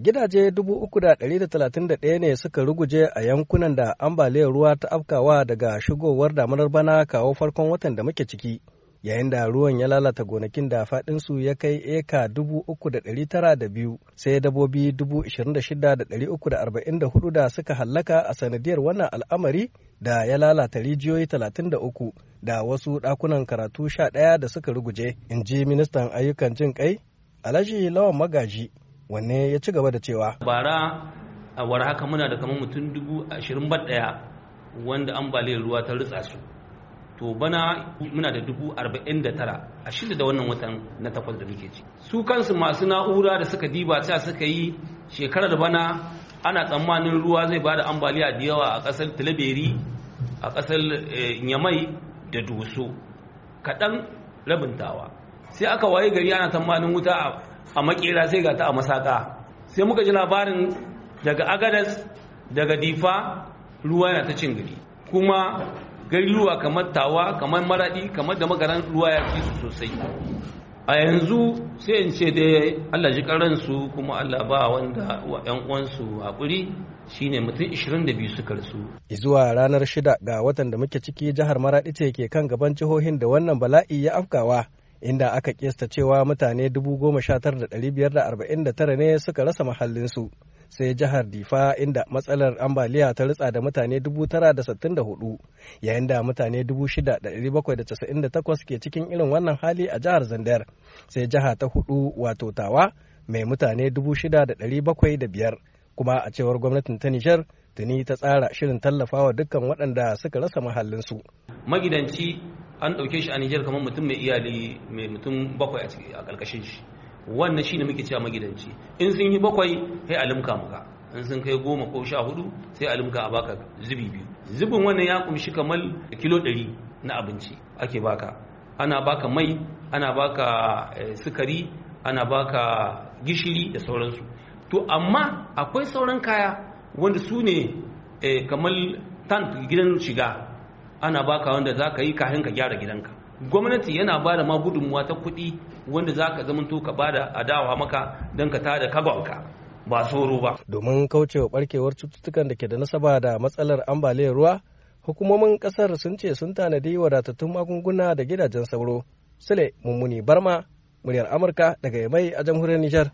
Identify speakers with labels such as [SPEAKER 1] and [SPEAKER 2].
[SPEAKER 1] Gidaje 331 ne suka ruguje a yankunan da ambaliyar ruwa ta afkawa daga shigowar damarar bana kawo farkon watan da muke ciki, yayin da ruwan ya lalata gonakin da faɗinsu ya kai eka 3,902 sai dabobi 26,344 da suka hallaka a sanadiyar wannan al'amari da ya lalata rijiyoyi 33 da wasu ɗakunan karatu sha 11 da suka ruguje, in ji ministan ayyukan jin kai, Alhaji Lawan Magaji. wanne ya ci gaba da cewa
[SPEAKER 2] bara a war haka muna da kamar mutum dubu ashirin bat daya wanda ambaliyar ruwa ta rutsa su to bana muna da dubu arba'in da tara a shida da wannan watan na takwas da muke ci su kansu masu na'ura da suka diba ta suka yi shekarar bana ana tsammanin ruwa zai bada ambaliya da yawa a ƙasar tilaberi a ƙasar eh, nyamai da doso kaɗan rabintawa sai aka waye gari ana tsammanin wuta a. a makera sai ga ta a masaka sai muka ji labarin daga agadas daga difa ruwa yana ta cin gari kuma ruwa kamar tawa kamar maradi kamar da magaran ruwa ya fi su sosai a yanzu sai in ce dai Allah ji karansu kuma Allah ba wanda wa ƴan uwansu hakuri shine mutum 22 suka rasu
[SPEAKER 1] zuwa ranar shida ga watan da muke ciki jihar maradi ce ke kan gaban jihohin da wannan bala'i ya afkawa inda aka kesta cewa mutane 19,549 ne suka rasa mahallinsu sai jihar difa inda matsalar ambaliya ta ritsa da mutane 964 yayin da mutane 6,798 ke cikin irin wannan hali a jihar zandar sai jiha ta hudu wato tawa mai mutane 6,705 kuma a cewar gwamnatin ta nishar tuni ta tsara shirin tallafawa dukkan waɗanda suka rasa mahallinsu magidanci
[SPEAKER 2] an ɗauke shi a Nijar kamar mutum mai iyali mai mutum bakwai a ƙarƙashin shi wannan shi ne muke cewa magidanci in sun yi bakwai sai alimka muka in sun kai goma ko sha hudu sai alimka a baka zubi biyu zubin wannan ya kumshi kamar kilo ɗari na abinci ake baka ana baka mai ana baka eh, sukari ana baka gishiri da sauransu to amma akwai sauran kaya wanda su ne eh, kamar tant gidan shiga ana baka wanda za ka yi kafin ka gyara gidanka gwamnati yana ba da magudunmuwa ta kudi wanda za ka zamanto ka ba da adawa maka don ka tada kabanka ba tsoro ba.
[SPEAKER 1] domin kaucewa barkewar cututtukan da ke da nasaba da matsalar ambaliyar ruwa hukumomin kasar sun ce sun tanadi wadatattun magunguna da gidajen sauro sule mummuni barma muryar amurka daga yamai a jamhuriyar nijar